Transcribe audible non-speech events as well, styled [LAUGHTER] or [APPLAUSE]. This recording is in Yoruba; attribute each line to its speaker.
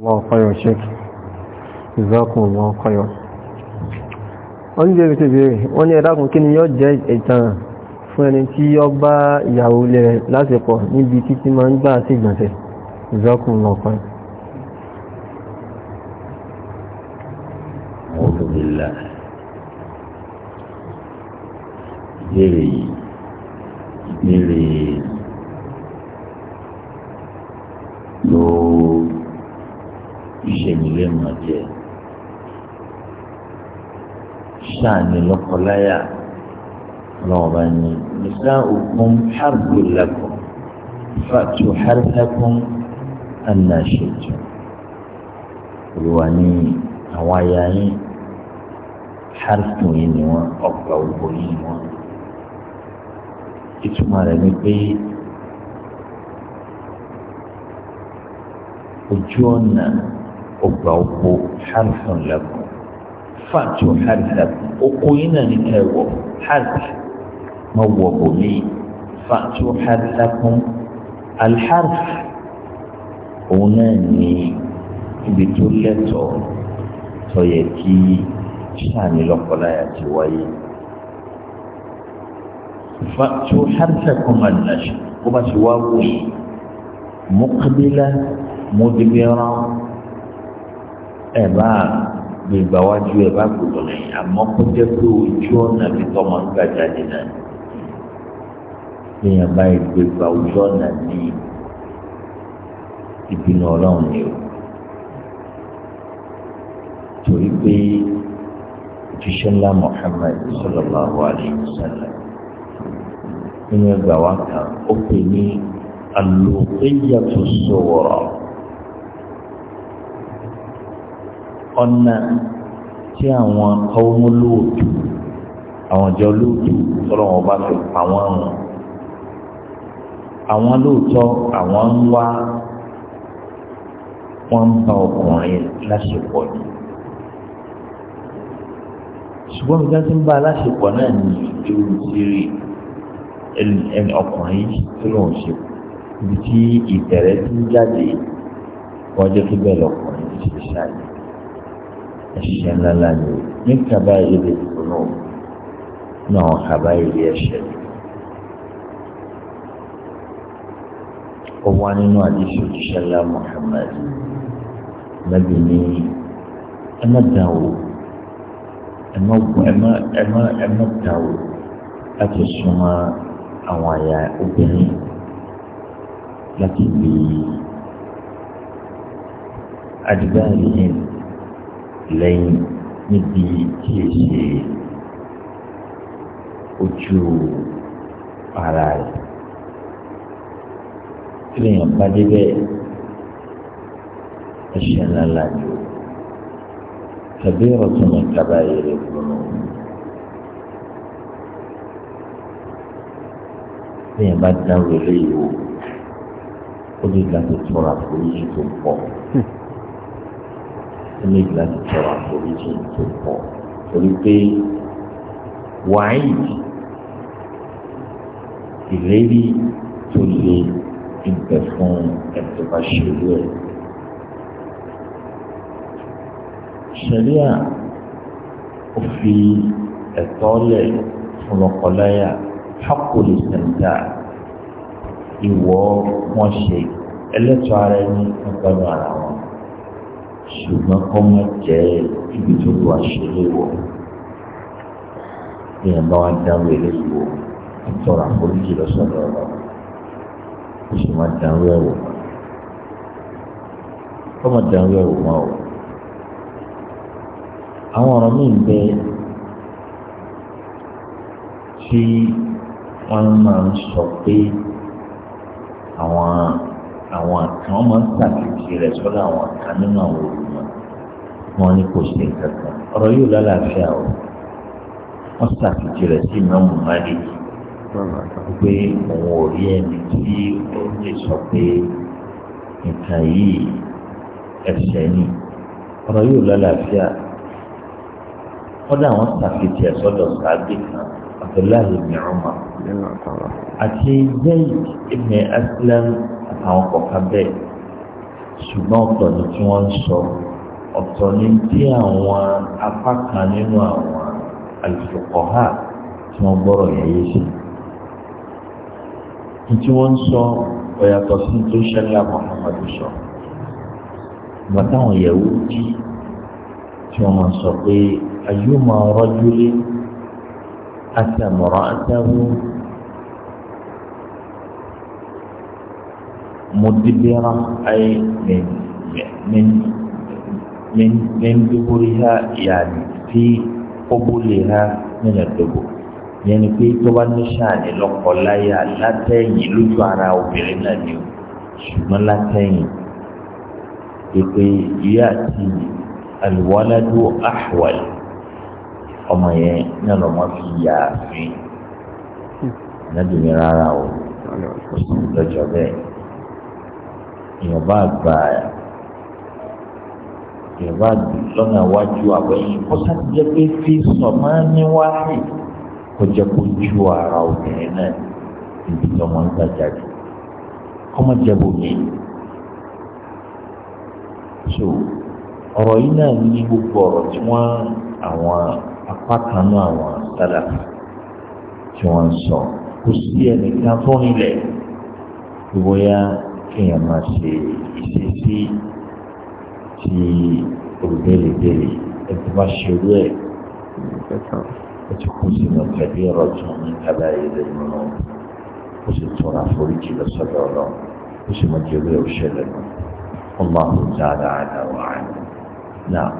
Speaker 1: Allah khayo sheik ìzákùn Allah khayo wọ́n ní bèèrè bèèrè wọ́n ní ẹ̀dàkùn kí ni yóò jẹ́ ìtàn fún ẹni tí yóò bá ìyàwó lẹ̀ lásìpọ̀ níbi títí máa ń gbà sí ìgbọ̀nsẹ̀ ìzákùn Allah khayo A'udhu billah ìbéèrè yìí ìbéèrè ẹnìkejì lè mọ jẹ ṣáàní lọ́kọláyà lọ́ọ̀bá ni nìkan òkun hàrùlẹ́kùn fàtú hàrùlẹ́kùn ànàṣètò olùwà ní àwọn aya yín hàrùkùn yìí ni wọn ọgbà ògbò yìí ni wọn ìtumọ̀ rẹ̀ ni pé. ojú ọ̀nà ọgbà oko hanfun lẹ́kọ̀ọ́ fàtú hanfun oko yìí náà ní kẹwọ́ hanfun má wọ fàtú fàtó kún alhanf òun náà ní ibi tó lẹ́tọ̀ tó yẹ kí sáàni lọ́kọ̀láyà ti wáyé fàtú hanfun kún máa nàṣẹ́ kó bá ti wá wọ̀ yìí mọ́kàbílá mọ́débẹ́rán. ẹ bá gbègbà wájú ẹ bá gbòdò lẹ́yìn àmọ́ kó jẹ́ pé ojú ọ̀nà bí tọ́mọ ń gbà jáde náà èèyàn báyìí gbègbà ojú ọ̀nà ní ìbínú ọlọ́run ni o torí pé òjíṣẹ́ ńlá Muhammad sallallahu alaihi wasallam nínú ẹgbàá wa kan ó pè ní alùpùpù yàtọ̀ sọ̀rọ̀. ọ̀nà tí àwọn ọmọ lóòtù àwọn ìjọ lóòtù tọ́lọ́ wọn bá fi àwọn ọ̀hún àwọn lóòtọ́ àwọn ń wá wọ́n ń bá ọkùnrin láṣepọ̀ ni ṣùgbọ́n mi gbọ́dọ̀ ń bá aláṣepọ̀ náà ní irú ìṣeré ẹni ọkùnrin tó lòun ṣe ibi tí ìbẹ̀rẹ̀ ti ń jáde wọ́n jẹ́ kí bẹ́ẹ̀ lọkùnrin ti ṣe ṣáájú ẹ̀ṣẹ̀ ńláńlá ni o ní kaba ìlú ìkùnú náà kaba ìlú ẹ̀ṣẹ̀ ni. ó wá nínú àdìsí òṣìṣẹ́ ńlá Muhammad nàbì ní ẹ má dà o ẹ má ẹ má ẹ má ẹ má dà o láti súnmọ́ àwọn àyà obìnrin láti gbé adigbáyé yẹn lẹ́yìn níbi tí è ṣe ojú ara rẹ̀ tí èèyàn bá débẹ̀ ẹ̀ṣẹ̀ ńlá lájò tàbí ọ̀rọ̀ tó ní kábàáyé rẹ̀ gbọ́nà. téèyàn bá dáwọ́ eléyìí wò ó lè gbà tó tọrọ àforíjì tó pọ̀. [LAUGHS] ó ní láti tọrọ àforíjì tó pọ̀ torí pé wáyìí ìlérí tó lè ìgbẹ́ fún ẹ̀tọ́ bá ṣèlú ẹ̀. ṣẹ̀ríà ó fi ẹ̀tọ́ lẹ̀ fún lọ́kọláya hákòlì sẹ̀ńtà ìwọ wọn ṣe ẹlẹ́tọ̀ ara ẹni nígbàdàn ara wọn ṣùgbọ́n kọ́ mọ̀ jẹ́ ibi tó lu àṣírí wọ̀ èèyàn bá wá dáwọ́ eléyìí wò àtọ́rọ̀ àforíjì lọ́sọ̀rọ̀ ọ̀rọ̀ ó sì má dáwọ́ ẹ̀ wò kọ́ mọ̀ dáwọ́ ẹ̀ mọ́ o àwọn ọ̀rọ̀ míì bẹ tí wọ́n máa ń sọ pé àwọn kan máa ń ṣàkíyèsí rẹ̀ sọ́dọ̀ àwọn kan nínú àwọn olùmọ̀ wọn ni kò ṣe nǹkan kan ọ̀rọ̀ yóò lálàáfíà o wọ́n ṣàkíyèsí rẹ̀ sí ìnáwó malik pé òun ò rí ẹni tí ó lè sọ pé nǹkan yìí ẹ̀ṣẹ̀ ni ọ̀rọ̀ yóò lálàáfíà kọ́dà wọ́n ṣàkíyèsí ẹ̀ sọ́dọ̀ sáábì kan Abdullahi bin Umar àti zayd ibn aslam àtàwọn kọ̀ọ̀kan bẹ́ẹ̀ ṣùgbọ́n ọ̀tọ̀ ni tí wọ́n ń sọ ọ̀tọ̀ ni tí àwọn apá kan nínú àwọn al-fuqaha tí wọ́n gbọ́rọ̀ yẹn yé sí. ní tí wọ́n sọ ọ̀yàtọ̀ sí tó ṣẹlẹ̀ àmọ́hàmàdù sọ. ìgbà táwọn yẹ̀wò jí tí wọ́n máa sọ pé ayé máa rọ́jú lé àti àmọ̀ràn àtàwọn. مدبرة أي من من من من دبرها يعني في قبولها من الدبر يعني pé tó bá ní ṣáàní lọ́kọ̀láyà látẹ̀yìn lójú ara obìnrin náà ni o ṣùgbọ́n látẹ̀yìn pé ìyá àti alwaladu ahwal ọmọ yẹn náà lọ́mọ fi fi náà dùn mí rárá o lọ́jọ́ bẹ́ẹ̀ èèyàn bá gbà èèyàn bá lọ́nà iwájú àbẹ̀yìn kó sáà jẹ́ pé fi sọ máa ń ní wáyé kó jẹ́ kó ju ara obìnrin náà níbi tí ọmọ ń gbàjà jù kọ́mọ jẹ́bù mi. so ọ̀rọ̀ yìí náà ní gbogbo ọ̀rọ̀ tí wọ́n àwọn apá kan náà àwọn sálàfù tí wọ́n sọ kò sí ẹnìkan tó nílẹ̀ ìwòyà kéèyàn máa ṣe ìṣesí ti olùbẹ̀lẹ̀bẹ̀lẹ̀ ẹ̀tọ́ bá ṣe orí ẹ̀ ó ti kú sínú tẹ̀lé ọ̀rọ̀ tó ní kábà ilé nínú ó sì tún àforíjì lọ́sọ̀dọ̀ ọ̀nà ó sì mọ̀ jẹ́ orí òṣèlú náà wọ́n máa kó wà á náà.